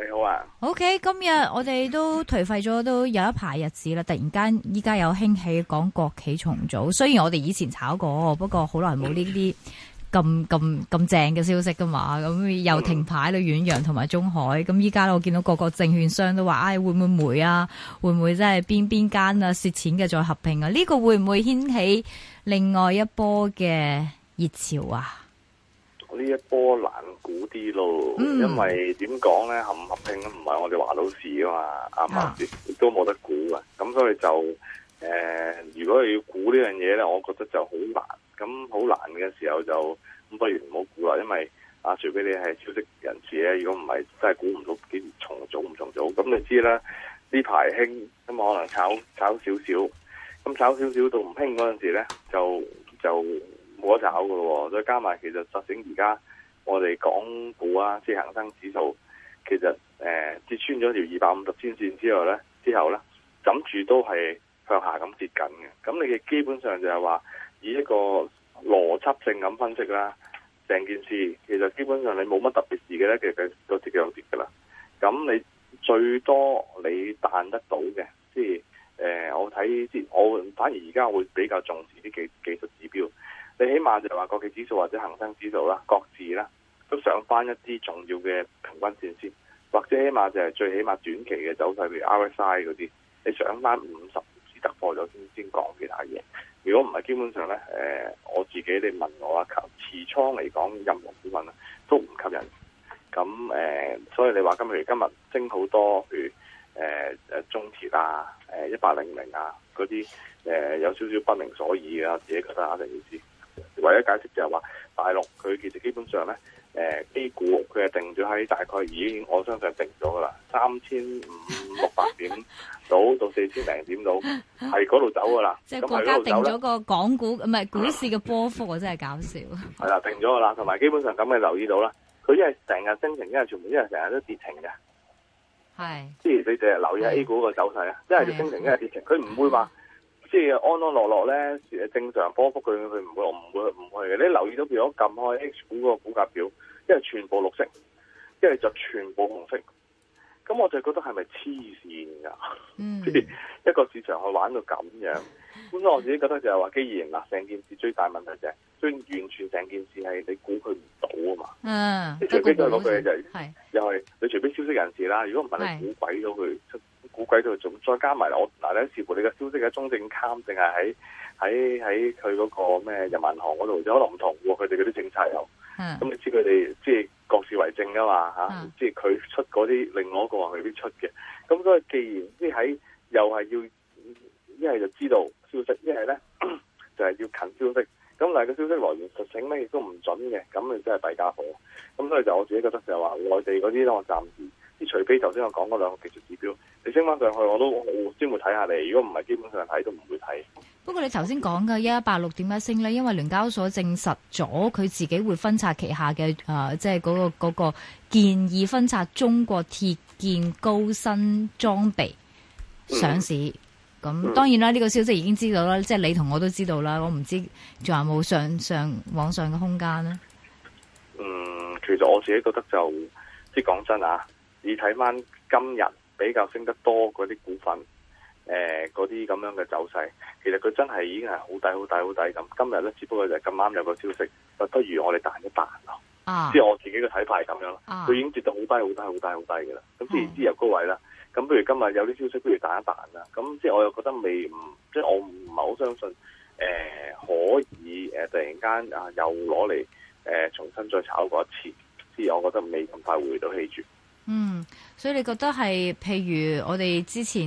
你好啊，OK，今日我哋都頹廢咗，都有一排日子啦。突然間，依家有興起講國企重組，雖然我哋以前炒過，不過好耐冇呢啲咁咁咁正嘅消息噶嘛。咁又停牌啦，遠洋同埋中海。咁依家我見到各個證券商都話，唉，會唔會霉啊？會唔會真係邊邊間啊蝕錢嘅再合併啊？呢個會唔會掀起另外一波嘅熱潮啊？呢一波難估啲咯，嗯，因為點講咧，合唔合併唔係我哋話到事啊嘛，啱嘛，亦都冇得估啊。咁所以就誒、呃，如果你要估呢樣嘢咧，我覺得就好難。咁好難嘅時候就咁，不如唔好估啦。因為除非你係消息人士咧，如果唔係真係估唔到幾時重組唔重組。咁你知啦，呢排興咁可能炒炒少少，咁炒少少到唔興嗰陣時咧，就就。冇得炒噶咯喎，再加埋其實，就算而家我哋港股啊，即係恆生指數，其實誒、呃、跌穿咗條二百五十天線之後咧，之後咧枕住都係向下咁跌緊嘅。咁你嘅基本上就係話，以一個邏輯性咁分析啦，成件事其實基本上你冇乜特別事嘅咧，其實都跌嘅，有跌嘅啦。咁你最多你彈得到嘅，即係誒，我睇即我反而而家會比較重視啲技技術指標。你起碼就係話國企指數或者恒生指數啦，各自啦都上翻一啲重要嘅平均線先，或者起碼就係最起碼短期嘅走勢，譬如 RSI 嗰啲，你上翻五十先突破咗先，先講其他嘢。如果唔係，基本上咧，誒我自己你問我啊，求持倉嚟講任何股份啊都唔吸引。咁誒，所以你話今日譬如今日升好多，譬如誒誒中鐵啊、誒一八零零啊嗰啲，誒有少少不明所以啊，自己覺得一定要知。為咗解釋就係話，大陸佢其實基本上咧，誒、呃、A 股佢係定咗喺大概，已經我相信定咗噶啦，三千五六百點到到四千零點到，係嗰度走噶啦。即係國家定咗個港股唔係股市嘅波幅啊， 真係搞笑。係 啦，定咗噶啦，同埋基本上咁你留意到啦，佢一係成日升停，一係全部一係成日都跌停嘅。係，即係你淨係留意下 A 股個走勢啊，一係就升停，一係跌停，佢唔會話。 即係安安樂樂咧，正常波幅佢佢唔會唔會唔會嘅。你留意到，譬如我撳開 H 股個股價表，因為全部綠色，因為就全部紅色。咁我就覺得係咪黐線噶？嗯， 一個市場去玩到咁樣。咁我自己覺得就係話，既然嗱，成件事最大問題就係，所以完全成件事係你估佢唔到啊嘛。嗯，啲最基本嗰句嘢就係、是嗯，又係你除非消息人士啦，如果唔係你估鬼咗佢出。估計到仲再加埋我嗱，咧似乎你嘅消息喺中證監定係喺喺喺佢嗰個咩人民行嗰度，就可能唔同喎，佢哋嗰啲政策又嗯，咁、mm. 你知佢哋即係各自為政啊嘛吓、mm. 即係佢出嗰啲，另外一個話未必出嘅。咁所以既然即係喺又係要一係就知道消息，一係咧就係、是、要近消息。咁但係個消息來源實醒咧亦都唔準嘅，咁你真係弊家伙。咁所以就我自己覺得就話內地嗰啲我暫時。除非頭先我講嗰兩個技術指標，你升翻上去我都先會睇下你。如果唔係，基本上睇都唔會睇。不過你頭先講嘅一一八六點解升呢，因為聯交所證實咗佢自己會分拆旗下嘅啊，即係嗰個建議分拆中國鐵建高新裝備上市。咁、嗯、當然啦，呢、嗯、這個消息已經知道啦，即、就、係、是、你同我都知道啦。我唔知仲有冇上上往上嘅空間呢？嗯，其實我自己覺得就即係講真啊。你睇翻今日比較升得多嗰啲股份，誒嗰啲咁樣嘅走勢，其實佢真係已經係好低，低，低、好低、好低咁。今日咧，只不過就咁啱有個消息，不如我哋彈一彈咯。即、啊、係、就係、我自己嘅睇法係咁樣咯。佢、啊、已經跌到好低，好低，好低，好低，好低嘅、好、嗯、低、好、嗯、低、好低嘅啦。咁自然之由高位啦。咁不如今日有啲消息，不如彈一彈啦。咁即係我又覺得未唔，即、就、係、是、我唔係好相信誒、呃、可以誒、呃、突然間啊又攞嚟誒重新再炒過一次。即係我覺得未咁快回到起住。嗯，所以你覺得係，譬如我哋之前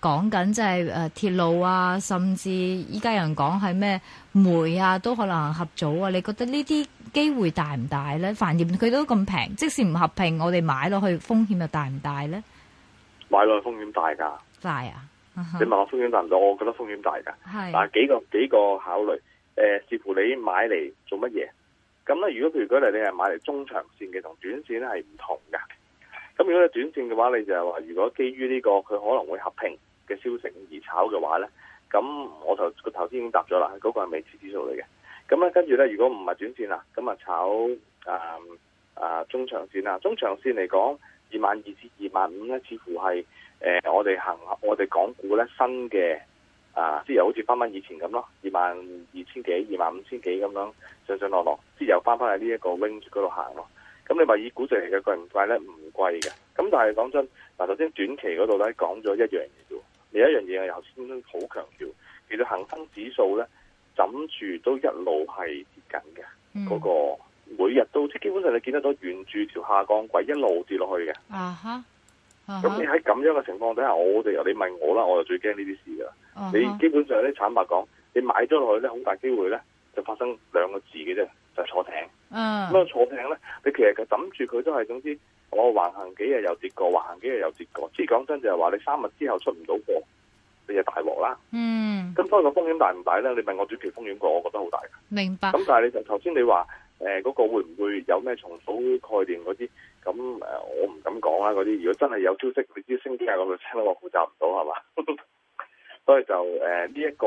講緊即係誒鐵路啊，甚至依家有人講係咩煤啊，都可能合組啊。你覺得呢啲機會大唔大咧？飯店佢都咁平，即使唔合併，我哋買落去風險又大唔大咧？買落去風險大噶，大啊！ 你問我風險大唔大？我覺得風險大噶。係嗱，幾個幾個考慮，誒、呃，視乎你買嚟做乜嘢。咁咧，如果譬如舉例，你係買嚟中長線嘅同短線咧係唔同噶。咁如果你短線嘅話，你就係話如果基於呢、這個佢可能會合併嘅消息而炒嘅話咧，咁我就個頭先已經答咗啦，嗰、那個係未知之數嚟嘅。咁咧跟住咧，如果唔係短線啦，咁啊炒啊啊中長線啊，中長線嚟講，二萬二至二萬五咧，似乎係誒、呃、我哋行我哋港股咧新嘅啊，即係好似翻翻以前咁咯，二萬二千幾，二萬五千幾咁樣上上落落，即係又翻翻喺呢一個 range 嗰度行咯。咁你話以估值嚟嘅貴唔貴咧？唔貴嘅。咁但係講真，嗱頭先短期嗰度咧講咗一樣嘢啫。另一樣嘢係頭先好強調，其實恒生指數咧枕住都一路係跌緊嘅。嗰、嗯那個每日都，即係基本上你見得到沿住條下降軌一路跌落去嘅。啊咁、啊、你喺咁樣嘅情況底下，我哋由你問我啦，我就最驚呢啲事㗎啦、啊。你基本上呢，坦白講，你買咗落去咧，好大機會咧就發生兩個字嘅啫。就是、坐艇，咁、uh, 坐艇咧，你其實佢諗住佢都係，總之我橫、哦、行幾日又跌過，橫行幾日又跌過。即係講真就係話你三日之後出唔到貨，你就大鑊啦。嗯，咁所以個風險大唔大咧？你問我短期風險個，我覺得好大的。明白。咁但係你就頭先你話誒嗰個會唔會有咩重組概念嗰啲？咁誒、呃、我唔敢講啦、啊。嗰啲。如果真係有消息，你知升價個車我負責唔到係嘛？ 所以就誒呢一個。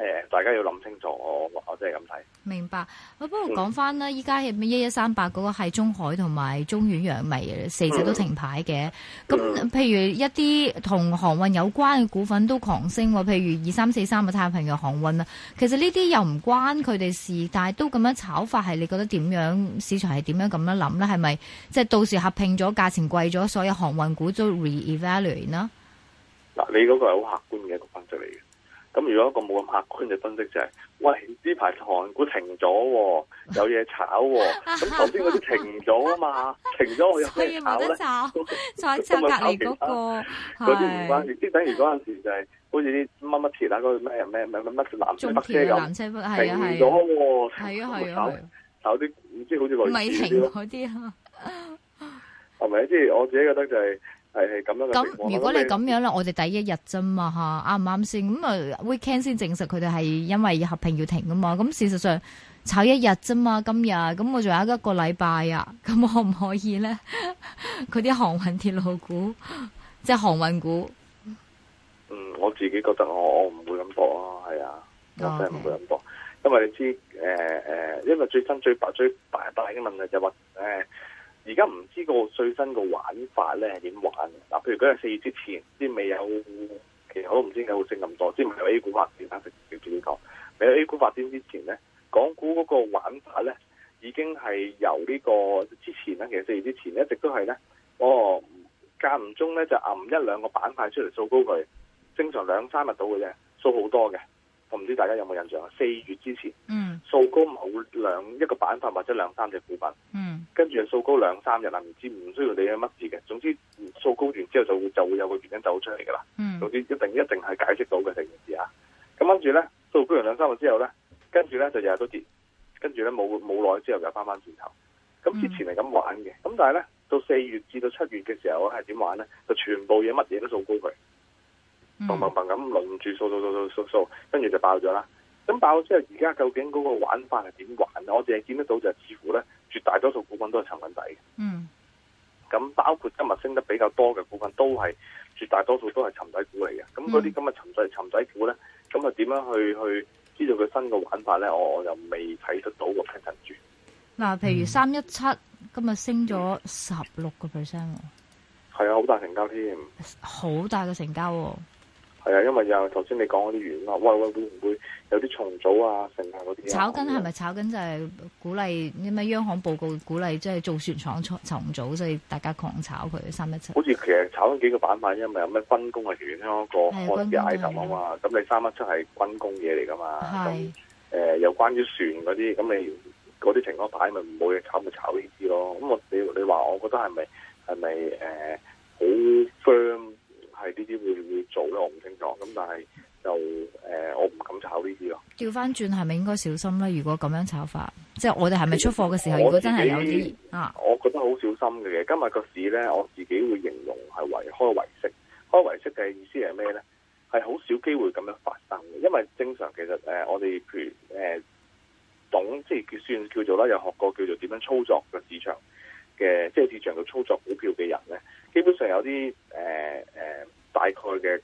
誒，大家要諗清楚，我我真係咁睇。明白，不過講翻啦，依家係咪一一三八嗰個係中海同埋中遠洋米，四隻都停牌嘅。咁、嗯、譬如一啲同航運有關嘅股份都狂升，譬如二三四三嘅太平洋航運啊。其實呢啲又唔關佢哋事，但係都咁樣炒法，係你覺得點樣？市場係點樣咁樣諗呢？係咪即係到時合併咗，價錢貴咗，所有航運股都 re-evaluate 呢？嗱，你嗰個係好客觀嘅一個分析嚟嘅。咁如果一個冇咁客觀嘅分析就係、是，喂，呢排韓股停咗，有嘢炒。咁頭先嗰啲停咗啊嘛，停咗我有咩炒咧？所以咪得炒，再炒隔離嗰嗰啲唔關事，即係等於嗰陣時就係、是，好似啲乜乜鐵啊，嗰啲咩咩乜乜南車咁。停咗喎，係啊係啊，啊，啊，啊，啊，啊，啊，炒啲即係好似內地啲啊。係咪？即係我自己覺得就係、是。係係咁樣。咁如果你咁樣咧，我哋第一日啫嘛，吓，啱唔啱先？咁啊，weekend 先證實佢哋係因為合併要停噶嘛，咁事實上炒一日啫嘛。今日咁我仲有一個禮拜啊，咁可唔可以咧？佢啲航運鐵路股，即係航運股。嗯，我自己覺得我唔會咁搏咯，係啊，我真係唔會咁搏，okay. 因為你知誒誒、呃，因為最新最白最大大嘅問題就話、是、誒。呃而家唔知個最新個玩法咧係點玩？嗱，譬如嗰日四月之前，即係未有，其實我都唔知點解會升咁多。即係未有 A 股發展，我直接自己講。未有 A 股發展之前咧，港股嗰個玩法咧已經係由呢個之前啦，其實四月之前一直都係咧，哦間唔中咧就暗一兩個板塊出嚟做高佢，正常兩三日到嘅啫，做好多嘅。我唔知大家有冇印象啊？四月之前，嗯，掃高某兩一個板塊或者兩三隻股份，嗯，跟住就掃高兩三日啦，唔知唔需要理乜嘢嘅，總之掃高完之後就會就會有個原因走出嚟噶啦，總之一定一定係解釋到嘅，成件事吓！咁跟住咧，掃高完兩三日之後咧，跟住咧就日日都跌，跟住咧冇冇耐之後又翻翻轉頭，咁之前係咁玩嘅，咁、嗯、但係咧到四月至到七月嘅時候咧係點玩咧？就全部嘢乜嘢都掃高佢。嘭嘭嘭咁輪住掃掃，掃掃掃掃掃掃，跟住就爆咗啦！咁爆咗之後，而家究竟嗰個玩法係點玩？我淨係見得到就似乎咧，絕大多數股份都係沉底嘅。嗯。咁包括今日升得比較多嘅股份，都係絕大多數都係沉底股嚟嘅。嗯。咁嗰啲咁嘅沉底沉底股咧，咁啊點樣去去知道佢新嘅玩法咧？我又未睇得到個 pattern 住。嗱，譬、嗯、如三一七今日升咗十六個 percent。係、嗯、啊，好大成交添。好大嘅成交。嗯係啊，因為又頭先你講嗰啲船啊，喂喂，喂，會唔會有啲重組啊，成啊嗰啲？炒緊係咪炒緊就係鼓勵因咩央行報告鼓勵即係造船廠重重組，所以大家狂炒佢三一七？好似其實炒緊幾個板塊，因為有咩軍工啊船嗰個開嘅 item 啊嘛，咁、呃、你三一七係軍工嘢嚟噶嘛？係誒，有關於船嗰啲，咁你嗰啲情況牌咪唔冇嘢炒咪炒呢啲咯？咁我你你話我覺得係咪係咪誒好 firm 係呢啲會唔會做咯？但係就誒、呃，我唔敢炒呢啲咯。調翻轉係咪應該小心咧？如果咁樣炒法，即係我哋係咪出貨嘅時候？如果真係有啲啊，我覺得好小心嘅嘢啊。今日個市咧，我自己會形容係為開為息，開為息嘅意思係咩咧？係好少機會咁樣發生嘅，因為正常其實誒、呃，我哋譬如誒、呃，懂即係算叫做啦，有學過叫做點樣操作個市場嘅，即係市場度操作股票嘅人咧，基本上有啲誒誒，大概嘅。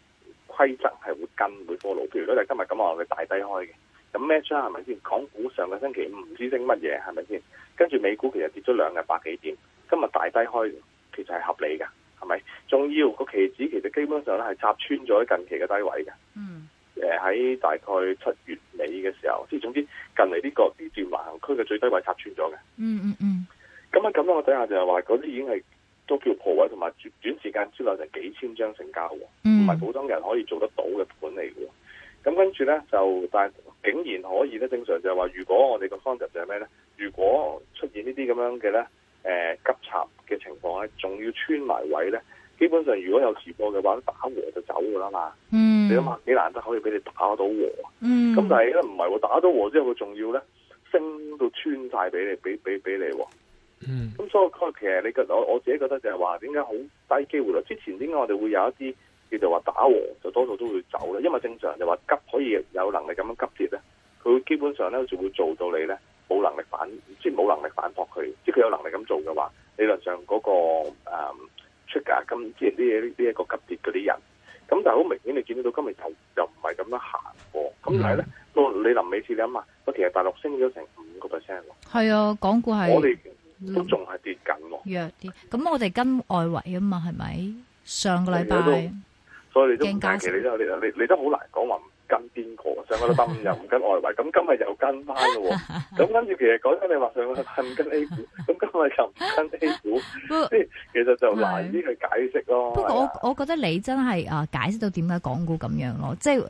規則係會跟每科路，譬如咧，你今日咁話你大低開嘅，咁咩 a 係咪先？港股上個星期五唔知升乜嘢，係咪先？跟住美股其實跌咗兩日百幾點，今日大低開，其實係合理嘅，係咪？仲要個期指其實基本上咧係插穿咗近期嘅低位嘅，嗯，誒喺大概七月尾嘅時候，即係總之近嚟呢、呢個呢段橫行區嘅最低位插穿咗嘅，嗯嗯嗯。咁啊咁啦，我睇下就係話嗰啲已經係。都叫破位，同埋短時間之內就幾千張成交喎，唔、嗯、係普通人可以做得到嘅盤嚟喎。咁跟住咧就，但係竟然可以咧，正常就係話，如果我哋個方法就係咩咧？如果出現呢啲咁樣嘅咧，誒、呃、急插嘅情況咧，仲要穿埋位咧，基本上如果有持貨嘅話，打和就走噶啦嘛。嗯。你諗下幾難得可以俾你打到和？嗯。咁但係咧唔係喎，打到和之後，佢仲要咧升到穿晒俾你，俾俾俾你、哦嗯，咁所以其實你個我我自己覺得就係話點解好低機會啦？之前點解我哋會有一啲叫做話打和，就多數都會走咧，因為正常就話急可以有能力咁樣急跌咧，佢基本上咧就會做到你咧冇能力反，即係冇能力反駁佢，即係佢有能力咁做嘅話，理論上嗰個誒出價今之前啲嘢呢一個急跌嗰啲人，咁但係好明顯你見到今日就就唔係咁樣行喎，咁係咧，到你臨尾時你諗下，其實大陸升咗成五個 percent 喎，係啊，港股係我哋。都仲係跌緊咯，弱啲。咁我哋跟外圍啊嘛，係咪？上個禮拜，所以你都，但係其實你都，你你你都好難講話跟邊個。上個禮拜五又唔跟外圍，咁今日又跟翻咯。咁跟住其實講真，你話上個禮拜唔跟 A 股，咁今日又唔跟 A 股，即係其實就難啲去解釋咯。不過我我覺得你真係啊，解釋到點解港股咁樣咯，即係。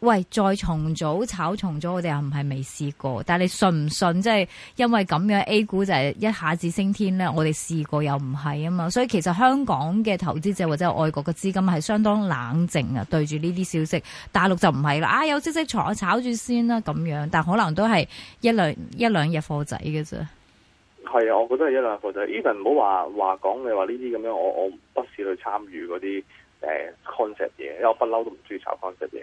喂，再重組，炒重組我哋又唔係未試過，但係你信唔信，即係因為咁樣 A 股就係一下子升天咧？我哋試過又唔係啊嘛。所以其實香港嘅投資者或者外國嘅資金係相當冷靜啊，對住呢啲消息，大陸就唔係啦。啊，有消息才炒住先啦，啊，咁樣但可能都係一兩一兩日貨仔嘅啫。係啊，我覺得係一兩貨仔。Even 唔好話話講，你話呢啲咁樣我我不時，去參與嗰啲誒 concept 嘢，因為我不嬲都唔中意炒 concept 嘢。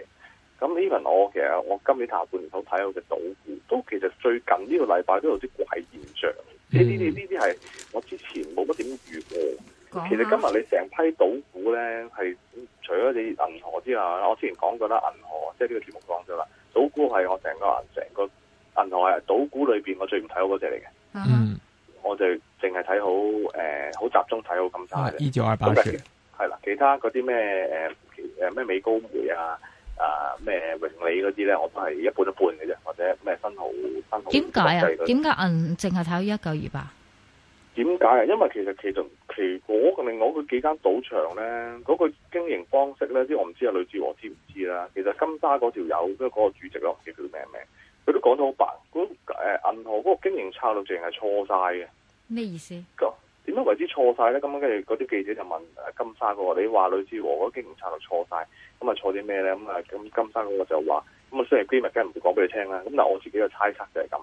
咁呢份我其實我今年下半年都睇好嘅賭股，都其實最近呢個禮拜都有啲怪現象，呢啲呢呢啲係我之前冇乜點遇過。其實今日你成批賭股咧，係除咗你銀河之外，我之前講過啦，銀河即係呢個節目講咗啦，賭股係我成個成個銀河係賭股裏邊我最唔睇好嗰隻嚟嘅。嗯，我就淨係睇好誒，好、呃、集中睇好金沙一九二八是，係啦，其他嗰啲咩誒咩美高梅啊。啊咩永利嗰啲咧，我都係一半一半嘅啫，或者咩分號分號點解啊？點解銀淨係睇到一九二八？點解啊？因為其實其實其個另外嗰幾間賭場咧，嗰、嗰個經營方式咧，即我唔知阿呂志和知唔知啦。其實金沙嗰條友即嗰個主席咯，唔知叫佢咩名，佢都講得好白，嗰誒銀河嗰個經營策略淨係錯晒嘅，咩意思？點解為之錯晒咧？咁跟住嗰啲記者就問金沙佢話，你話呂志和嗰啲警察係錯晒，咁啊錯啲咩咧？咁啊，咁金沙嗰個就話：咁啊，雖然閨蜜梗唔會講俾你聽啦。咁我自己嘅猜測就係咁。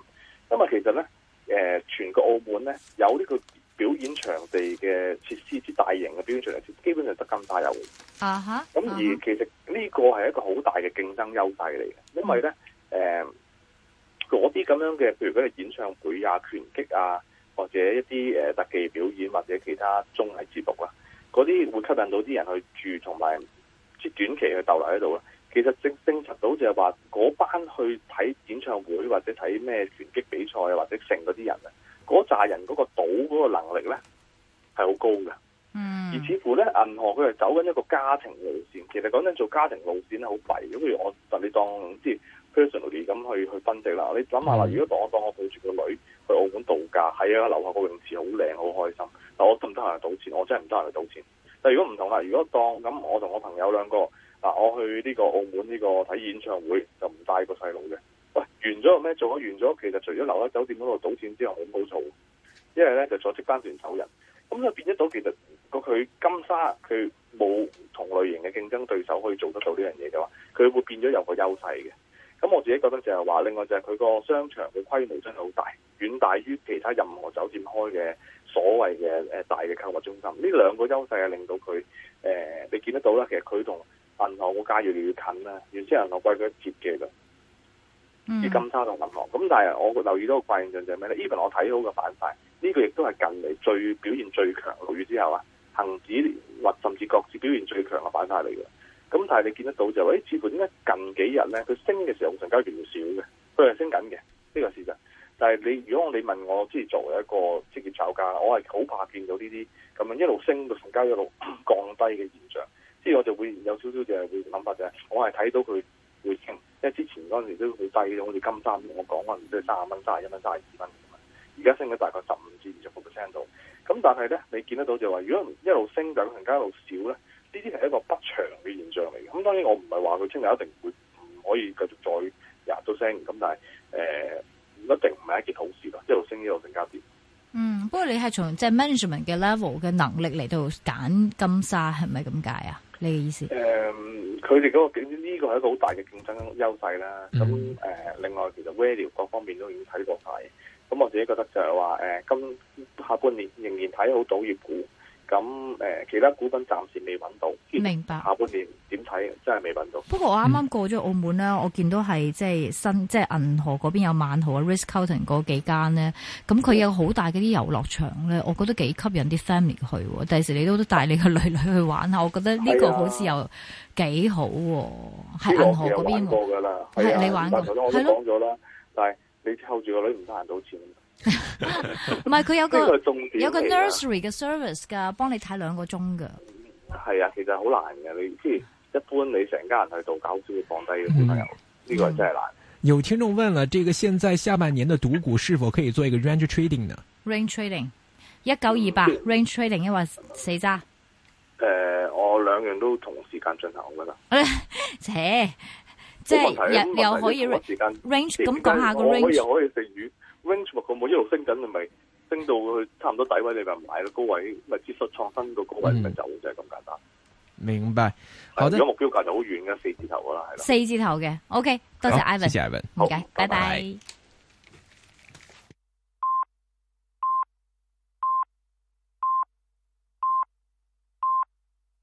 咁啊，其實咧，誒、呃，全個澳門咧有呢個表演場地嘅設施之大型嘅標準，基本上得金沙有。啊、uh-huh, 咁、uh-huh. 而其實呢個係一個好大嘅競爭優勢嚟嘅，因為咧，誒、uh-huh. 呃，嗰啲咁樣嘅，譬如佢啲演唱會啊、拳擊啊。或者一啲誒特技表演或者其他綜藝節目啦，嗰啲會吸引到啲人去住，同埋短期去逗留喺度啊。其實徵徵集到就係話，嗰班去睇演唱會或者睇咩拳擊比賽或者成嗰啲人啊，嗰扎人嗰個賭嗰個能力咧係好高嘅。嗯，而似乎咧，銀河佢係走緊一個家庭路線。其實講真，做家庭路線咧好弊。咁譬如我，特你當即。Personally, 咁去去分析啦，你諗下啦，如果當我當我抱住個女去澳門度假，喺啊樓下個泳池好靚，好開心。但我得唔得閒去賭錢？我真係唔得閒去賭錢。但係如果唔同啦，如果當咁我同我朋友兩個嗱、啊，我去呢個澳門呢、個睇演唱會，就唔帶個細路嘅。喂，完咗又咩？做咗完咗，其實除咗留喺酒店嗰度賭錢之外，好枯燥。一係咧就坐即班船走人。咁就變咗到，其實佢金沙佢冇同類型嘅競爭對手可以做得到呢樣嘢嘅話，佢會變咗有個優勢嘅。咁我自己覺得就係話，另外就係佢個商場嘅規模真係好大，遠大於其他任何酒店開嘅所謂嘅大嘅購物中心。呢兩個優勢係令到佢、呃、你見得到啦。其實佢同銀行個價越嚟越近啦，原先銀行貴佢一截嘅啦。嗯，金沙同銀行。咁、嗯、但係我留意到個怪現象就係咩咧？Even 我睇到個板塊，呢個亦都係近嚟最表現最強，落雨之後啊，恒指或甚至各自表現最強嘅板塊嚟嘅。咁但係你見得到就話，誒，似乎點解近幾日咧，佢升嘅時候成交越嚟越少嘅，佢係升緊嘅，呢個事實。但係你如果你問我之前作為一個職業炒家，我係好怕見到呢啲咁樣一路升到成交一路降低嘅現象，即係我就會有少少就係會諗法就係，我係睇到佢會升，因為之前嗰陣時都好低嘅，好似金山我講嗰陣時都係三十蚊，三十一蚊，三十二蚊，咁而家升咗大概十五至二十 percent 度。咁但係咧，你見得到就話，是，如果一路升緊，成交一路少咧。呢啲係一個不祥嘅現象嚟嘅，咁當然我唔係話佢聽日一定會唔可以繼續再吔到聲，咁但係誒、呃、一定唔係一件好事咯，一路升一路更加跌。嗯，不過你係從即係、就是、management 嘅 level 嘅能力嚟到揀金沙係咪咁解啊？你嘅意思？誒、呃，佢哋嗰個呢、這個係一個好大嘅競爭優勢啦。咁、嗯、誒、呃，另外其實 value 各方面都已經睇過晒，咁我自己覺得就係話誒，今下半年仍然睇好賭業股。咁誒、呃，其他股份暫時未揾到，明白。下半年點睇？真係未揾到。不過我啱啱過咗澳門呢、嗯，我見到係即係新，即係銀河嗰邊有萬豪啊、Ritz-Carlton 嗰幾間咧。咁佢有好大嗰啲遊樂場咧，我覺得幾吸引啲 family 去。第時你都帶你個女女去玩下，我覺得呢個好似又幾好喎。係、啊、銀河嗰邊喎。係、啊、你玩過？係咯。到咯、啊。唔係佢有個、這個、的有個 nursery 嘅 service 噶，幫你睇兩個鐘噶。係啊，其實好難嘅，你即係一般你成家人去度，搞都要放低個小朋友，呢、這個真係難。有聽眾問啦，這個現在下半年的賭股是否可以做一個 range trading 呢 trading, 1928,、嗯、？range trading 一九二八 range trading，抑或死揸？誒、呃，我兩樣都同時間進行噶啦。且 即係又又可以 range 咁講下個 range。range 物佢冇一路升緊，你咪升到去差唔多底位你咪買咯，高位咪節數創新個高位咪走、嗯、就係，咁簡單。明白，我如果目標價就好遠嘅四字頭啦，係咯。四字頭嘅，OK，多謝 Ivan，唔該謝謝謝謝，拜拜。拜拜。